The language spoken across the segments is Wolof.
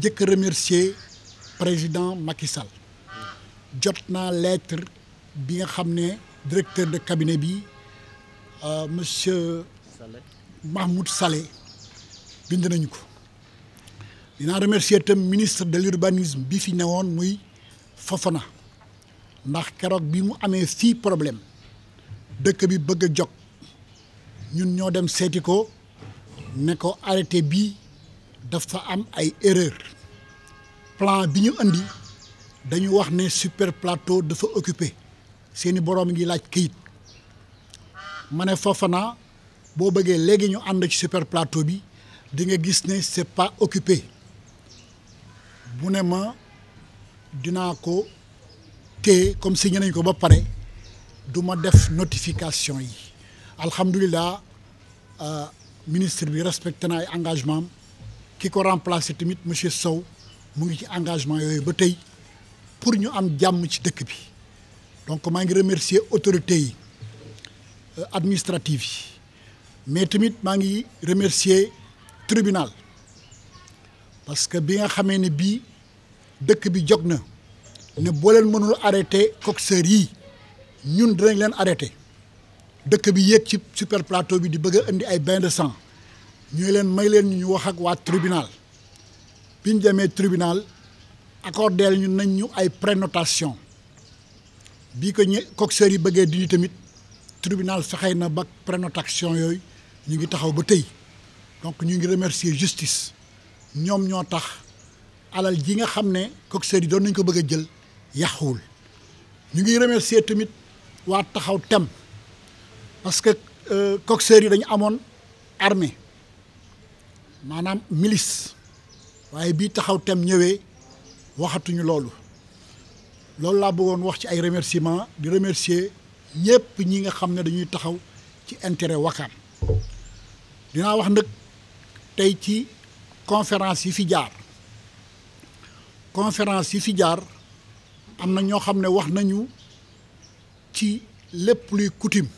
jëkk remercier président makisal jot naa lettre bi nga xam ne directeur de cabinet bi euh, monsieur Mahmoud Saleh bind nañu ko dinaa remercier tam ministre de l'urbanisme bi fi newoon muy Fofana ndax keroog bi mu amee si problème dëkk bi bëgg a jóg ñun ñoo dem seeti ko ne ko arrêté bii dafa am ay erreur plan bi ñu indi dañu wax ni super plateau dafa occupé seeni boroom ngi laaj këyit ma ne Fofana boo bëggee léegi ñu ànd ci super plateau bi dinga gis ne c'est pas occupé bu ne ma dinaa ko téye comme si ñu nañ ko ba pare du ma def notification yi alhamdulilah euh, ministre bi respecté na engagement ki ko remplacé tamit monsieur Sow mu ngi ci engagement yooyu ba tey pour ñu am jàmm ci dëkk bi donc maa ngi remercier autorité yi euh, administratives yi mais tamit maa ngi remercier tribunal parce que bi nga xamee ne bii dëkk bi jog na ne boo leen mënul arrêté coxeur yi ñun dinañ leen arrêté dëkk bi yéeg ci super plateau bi di bëgg indi ay bain de sang ñuy leen may leen ñu wax ak waa tribunal bi demee tribunal accordeel ñu nañ ñu ay prénotation bi ko ñe coxeur yi bëggee dindi tamit tribunal fexey na ba prénotation yooyu ñu ngi taxaw ba tey donc ñu ngi remercier justice ñoom ñoo tax alal ji nga xam ne coxeur yi doon nañ ko bëgg a jël yàquwul ñu ngi remercier tamit waa taxaw tem parce que euh, coxeur yi dañu amoon armée maanaam milice waaye bii taxaw tem ñëwee waxatuñu loolu loolu laa bëggoon wax ci ay remerciements di remercier ñëpp ñi nga xam ne dañuy taxaw ci intéret Wakam dinaa wax nag tey ci conférence yi fi jaar conférence yi fi jaar am na ñoo xam ne wax nañu ci lépp luy coutume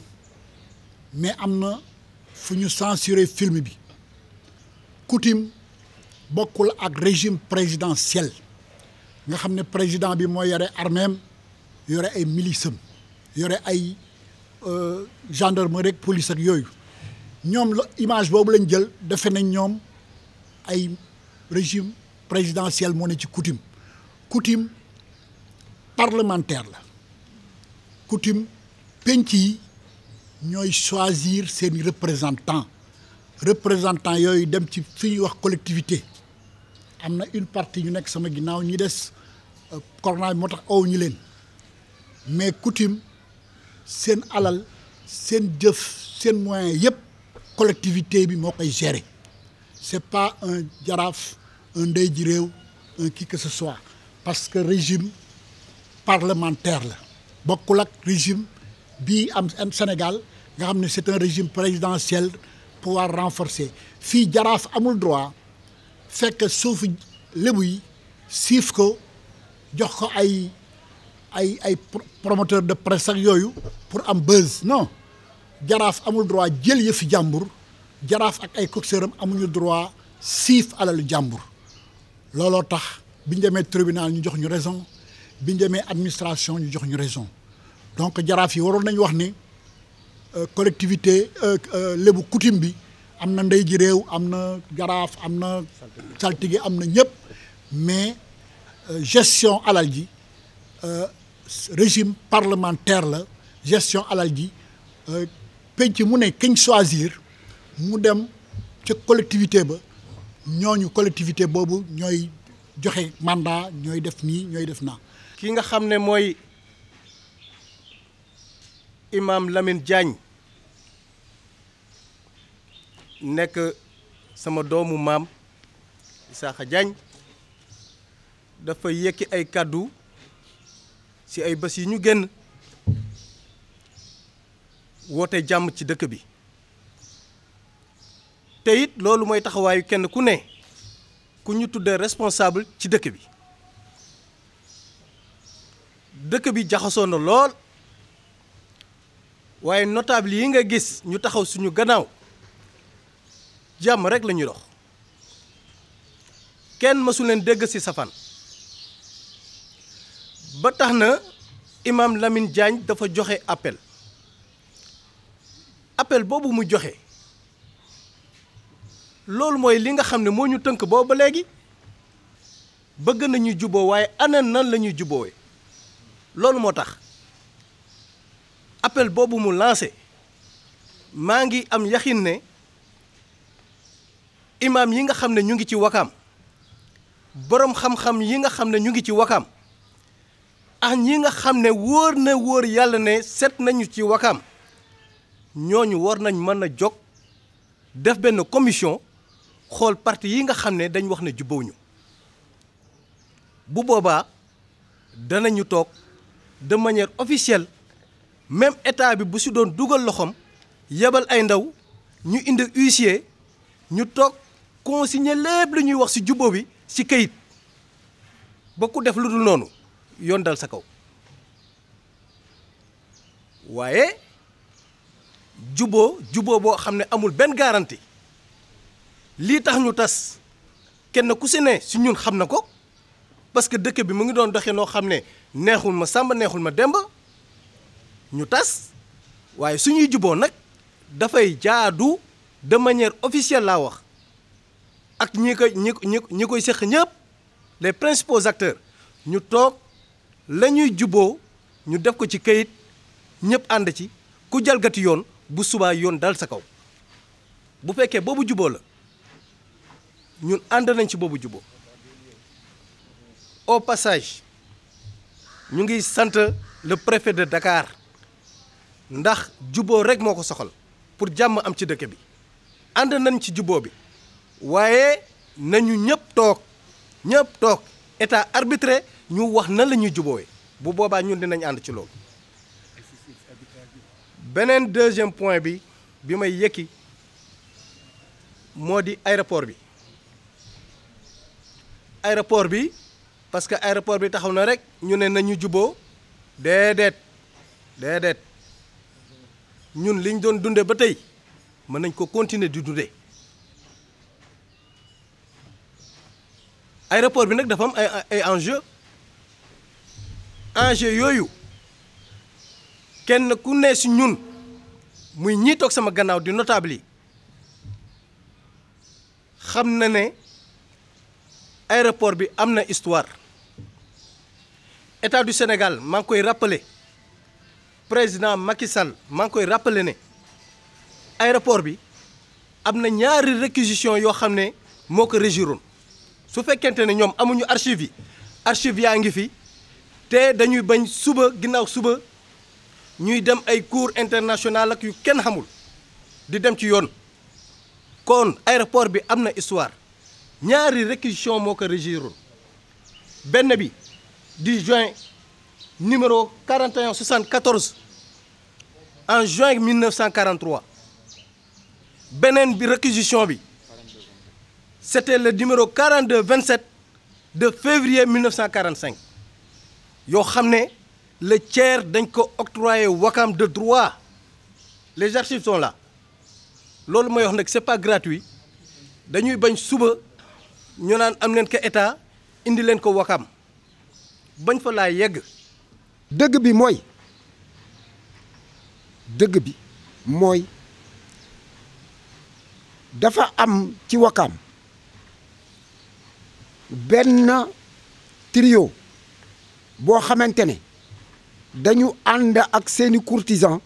mais am na fu ñu censuré film bi coutume bokkul ak régime présidentiel nga xam ne président bi mooy yore arméem yore ay milicem yore ay euh, gendarmerie ak police ak yooyu ñoom la image boobu lañ jël defe nañ ñoom ay régime présidentiel moo ne ci coutume coutume parlementaire la coutume penc yi ñooy choisir seeni représentant représentant yooyu dem ci fi ñuy wax collectivité am na une partie ñu nekk sama ginnaaw ñi des euh, corona moo tax aw ñu leen mais coutume seen alal seen jëf seen moyen yëpp collectivité bi moo koy gérer c'est pas un jaraaf un ndey ji réew un qui que ce soit parce que régime parlementaire la bokkul ak régime bii am Sénégal nga xam ne c'est un régime présidentiel pouvoir renforcer fii jaraaf amul droit fekk suufu lébu yi siif ko jox ko ay ay ay promoteur de presse ak yooyu pour am buzz non jaraaf amul droit jël yëfi jàmbur jaraaf ak ay coxeur am amuñu droit siif alalu jàmbur looloo tax biñ demee tribunal ñu jox ñu raison biñ demee administration ñu jox ñu raison donc jaraaf yi waroon nañu wax ni Euh, collectivité euh, euh, lébu coutume bi am na ndey ji réew am na jaraaf am na saltige am na ñëpp mais gestion alal ji régime parlementaire la gestion alal ji penc mu ne kañ choisir mu dem ca collectivité ba ñoo ñu collectivité boobu ñooy joxe mandat ñooy def nii ñooy def naa ki nga xam ne mooy imaam lamin Diagne nekk sama doomu maam Isaaxa Diagne dafa yékki ay kàddu ci ay bés yi ñu génn woote jàmm ci dëkk bi te it loolu mooy taxawaayu kenn ku ne ku ñu tuddee responsable ci dëkk bi dëkk bi jaxasoo na lool waaye notable yi nga gis ñu taxaw suñu gannaaw jàmm rekk lañuy dox kenn mësu leen dégg ci safaan ba tax na imam lamin Diagne dafa joxe appel appel boobu mu joxe loolu mooy li nga xam ne moo ñu tënk boobu ba léegi bëgg nañu juboo waaye ana nan lañuy ñuy juboowe loolu moo tax appel boobu mu lancé maa ngi am yaxin ne imaam yi nga xam ne ñu ngi ci wakaam boroom xam-xam yi nga xam ne ñu ngi ci wakaam ah ñi nga xam ne wóor na wóor yàlla ne seet nañu ci wakaam ñooñu war nañ mën a jóg def benn commision xool parti yi nga xam ne dañ wax ne jubbawuñu bu boobaa danañu toog de manière officielle même état bi bu si doon dugal loxoom yebal ay ndaw ñu indi huissier ñu toog consigné lépp lu ñuy wax si jubbo bi si kayit ba ku def lu dul noonu yoon dal sa kaw waaye juboo juboo boo xam ne amul benn garantie lii tax ñu tas kenn ku si si ñun xam na ko parce que dëkk bi mu ngi doon doxee noo xam ne neexul ma sàmba neexul ma demba ñu tas waaye suñuy juboo nag dafay jaadu de manière officielle laa wax ak ñi koy ñi ñi ñi koy seq ñëpp les principaux acteurs ñu toog la ñuy juboo ñu def ko ci kayit ñëpp ànd ci ku jalgati yoon bu subaa yoon dal sa kaw bu fekkee boobu juboo la ñun ànd nañ ci boobu juboo o passage ñu ngi sant le préfet de dakaar ndax juboo rek moo ko soxal pour jàmm am ci dëkk bi ànd nañ ci juboo bi waaye nañu ñëpp toog ñëpp toog état arbitré ñu wax na lañuy ñuy juboowe bu boobaa ñun dinañ ànd ci loolu beneen deuxième point bi bi may yëkki moo di aéroport bi aéroport bi parce que aéroport bi taxaw na rek ñu ne nañu juboo déedéet déedéet ñun liñ doon dunde ba tey mën nañ koo continuer du dundee aéroport bi nag dafa am ay ay enjeu enjeu yooyu kenn ku ne si ñun muy ñiitoog sama gannaaw di notable yi xam na ne aéroport bi am na histoire état du Sénégal maa ngi koy rappeler président Macky Sall maa ngi koy rappelé ne aéroport bi am na ñaari réquisition yoo xam ne moo ko régiroon su fekkente ne ñoom amuñu archive yi archive yaa ngi fi te dañuy bañ suba ginnaaw suba ñuy dem ay cours international ak yu kenn xamul di dem ci yoon kon aéroport bi am na histoire ñaari réquisition moo ko régiroon benn bi di juin numéro 41 74 en juin 1943 beneen bi réquisition bi c'était le numéro 42 27 de février 1945 yoo xam ne le tiers dañ ko octroyé Wakam de droit les archives loolu mooy wax nag c'est gratuit dañuy bañ suba ñu naan am leen ko état indi leen ko Wakam bañ fa laa yegg. dëgg bi mooy dëgg bi mooy dafa am ci wakaam benn trio boo xamante ne dañu ànd ak seeni kurtisan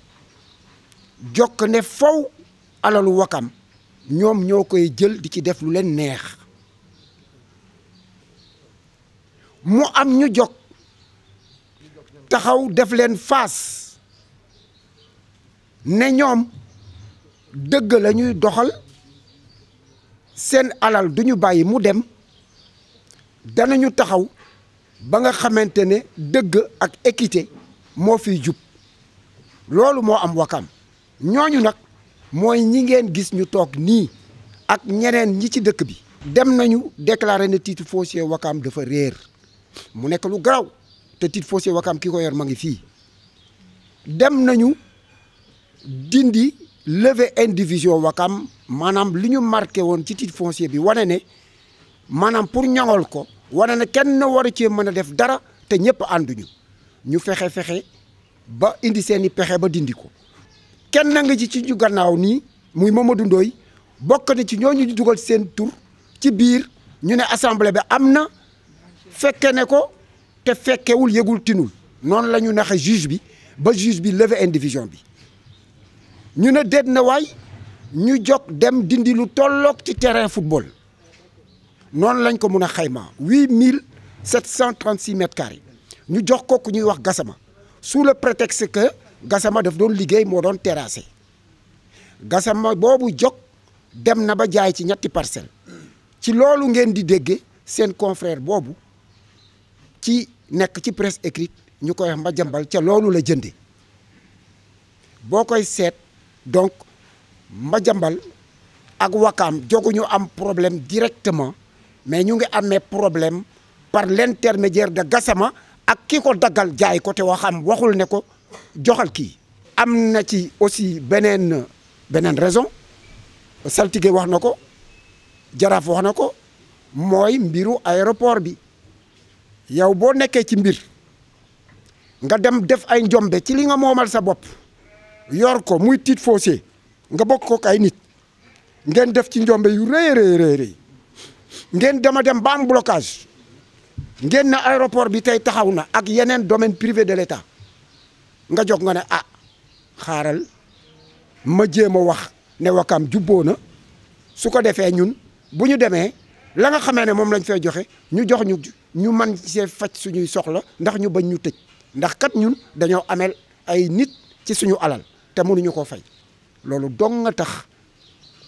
jokk ne faw alalu wakam ñoom ñoo koy jël di ci def lu leen neex mu am ñu jokk taxaw def leen face ne ñoom dëgg lañuy doxal seen alal du ñu bàyyi mu dem danañu taxaw ba nga xamante ne dëgg ak équité moo fiy jub loolu moo am wakam ñooñu nag mooy ñi ngeen gis ñu toog nii ak ñeneen ñi ci dëkk bi dem nañu déclarer ne titre foncier wakam dafa réer mu nekk lu garaw te titre foncier Wakaam kii ko yor ma ngi fii dem nañu dindi leve indivision Wakaam maanaam li ñu marqué woon ci titre foncier bi wane ne maanaam pour ñoŋol ko wane ne kenn waru ci mën a def dara te ñëpp ànduñu ñu fexe fexe ba indi seeni pexe ba dindi ko kenn na nga ci ci ñu gannaaw nii muy Mamadou Ndoye bokk na ci ñooñu dugal seen tur ci biir ñu ne assemblée bi am na fekke ne ko. te fekkewul yëgul tinul noonu la ñu naxe juge bi ba juge bi leve indivision bi ñu ne déet na waay ñu jog dem dindi lu tolloog ci terrain football noonu lañ ko mun a xayma huit mille sept cent ñu jox ko ku ñuy wax Gassama sous le prétexte que Gassama daf doon liggéey moo doon terrassé Gassama boobu jog dem na ba jaay ci ñetti parcelle ci loolu ngeen di déggee seen confrère boobu ci nekk ci presse écrite ñu koy wax Madiambal ca loolu la jënde boo koy seet donc Madiambal ak Wakaam joguñu am problème directement mais ñu ngi amee problème par l'intermédiaire de Gassama ak ki ko daggal jaay ko te waxam waxul ne ko joxal ki am na ci aussi beneen beneen raison saltige wax na ko jaraaf wax na ko mooy mbiru aéroport bi yow boo nekkee ci mbir nga dem def ay njombe ci li nga moomal sa bopp yor ko muy tiit foncier nga bokk ko ay nit ngeen def ci njombe yu rëy rëy ngeen dama dem ba am blocage ngeen na aéroport bi tey taxaw na ak yeneen domaine privé de l'État nga jog nga ne ah xaaral ma jéem a wax ne Wakam jubboo na su ko defee ñun bu ñu demee. la nga xamee ne moom lañ fay joxe ñu jox ñu ñu man see faj suñuy soxla ndax ñu bañ ñu tëj ndax kat ñun dañoo ameel ay nit ci suñu alal te mënuñu ko fay loolu dong nga tax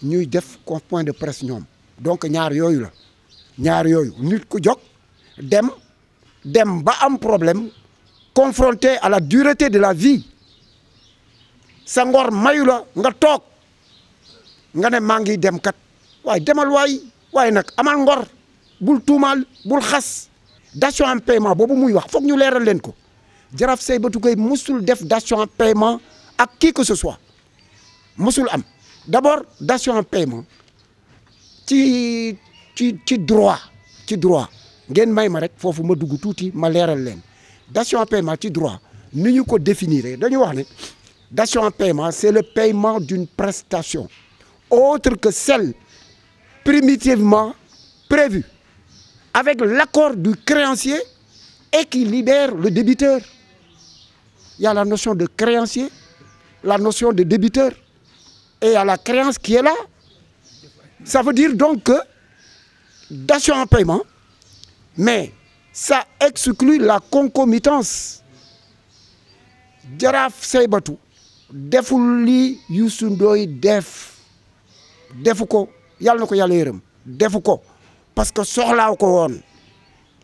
ñuy def con point de presse ñoom donc ñaar yooyu la ñaar yooyu nit ku jóg dem dem ba am problème confronté à la dureté de la vie sa ngor mayu la nga toog nga ne maa ngi dem kat waaye demal waay waaye nag amal ngor bul tuumaal bul xas dation en paiement boobu muy wax foog ñu leeral leen ko Jaraaf Saybatu Gaye musul def dation en ak kii que ce soit musul am d'abord dation en paiement ci ci ci droit ci droit ngeen may ma rek foofu ma dugg tuuti ma leeral leen dation en paiement ci droit ni ñu ko définir dañu wax ne dation en paiement c'est le paiement d'une prestation autre que celle primitivement prévu avec l'accord du créancier et qui libère le débiteur. Il y a la notion de créancier, la notion de débiteur et il y a la créance qui est là. Ça veut dire donc que daction en paiement, mais ça exclut la concomitance. jaraaf Seybatu deful li Youssou Ndoye def defu ko yàlla na ko yàlla yërëm defu ko parce que soxlaaw ko woon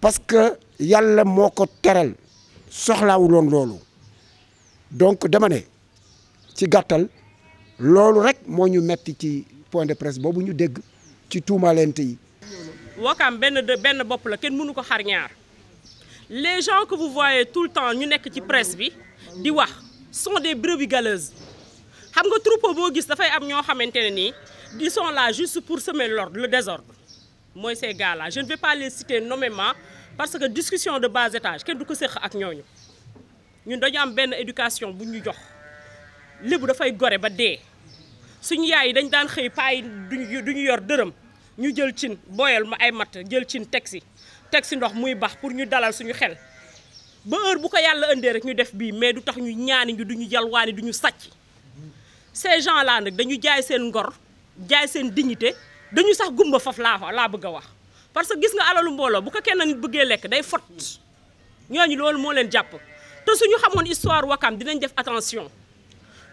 parce que yàlla moo ko teral soxlaawu loolu donc dama ne ci gàttal loolu rek moo ñu metti ci point de presse boobu ñu dégg ci tuumaalente yi. Ouakam benn de benn bopp la kenn mënu ko xar ñaar les gens que tout le temps ñu nekk ci presse bi di wax sont des brebis galeuses xam nga troupeau boo gis dafay am ñoo xamante ne nii. ils sont là juste pour semer l'ordre le désordre mooy ces gars là je ne vais pas les citer nommément parce que discussion de bas étage kenn du ko séq ak ñooñu ñun dañu am benn éducation bu ñu jox lébu dafay gore ba dee suñu yaay yi dañ daan xëy paa yi duñu duñu yor dërëm ñu jël cin booyal ma ay matt jël cin teg si teg si ndox muy bax pour ñu dalal suñu xel ba heure bu ko yàlla indee rek ñu def bii mais du tax ñu ñaani ñu duñu yalwaani duñu sàcc ces gens là nag dañu jaay seen ngor jaay seen dignité dañu sax gumba faf laa laa bëgg a wax parce que gis nga alalu mbooloo bu ko kenn nit bëggee lekk day fot ñooñu loolu moo leen jàpp te suñu xamoon histoire Wakam dinañ def attention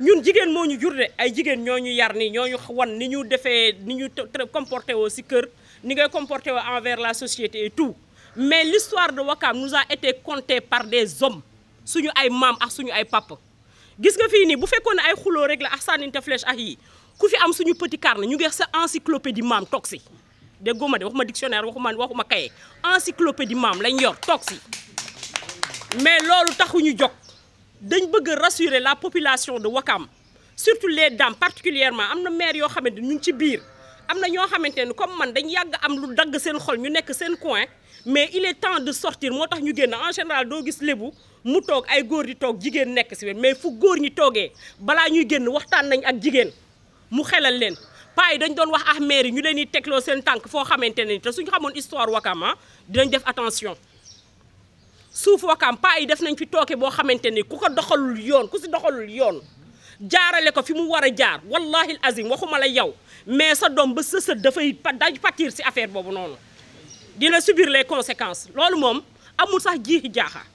ñun jigéen moo ñu jur de ay jigéen ñoo ñu yar nii ñoo ñu wan ni ñu defee ni ñu te comporté woo si kër ni ngay comporté woo envers la société et tout mais l'histoire de Wakam nous a été contée par des hommes suñu ay maam ak suñu ay papa gis nga fii nii bu fekkoon ne ay xuloo rek la ak sànninte ak yi ku fi am suñu petit carnet ñu ngi sa encyclopédie maam toog si déggoo ma de waxuma dictionnaire waxuma waxuma kaye encyclopédie maam lañ yor toog si mais loolu taxu ñu jóg dañ bëgg rassurer la population de Wakam surtout les dames particulièrement am na maire yoo xamante ni ñu ngi ci biir am na ñoo xamante ni comme man dañ yàgg am lu dagg seen xol ñu nekk seen coin mais il est temps de sortir moo tax ñu génn en général doo gis lébu mu toog ay góor di toog jigéen nekk si mais fu góor ñi toogee balaa ñuy génn waxtaan nañ ak jigéen mu xelal leen paa yi dañ doon wax ah maire yi ñu leen di tegloo seen tànk foo xamante ne te suñu xamoon histoire Wakam ah, dinañ def attention suuf Wakam paa yi def nañ fi tooke boo xamante ni ku ko doxalul yoon ku si doxalul yoon jaarale ko fi mu war a jaar wallahi azim waxuma la yow mais sa doom ba sa sët dafay daj patir si affaire boobu noonu dina subir les conséquences loolu moom amul sax jiixi jaaxa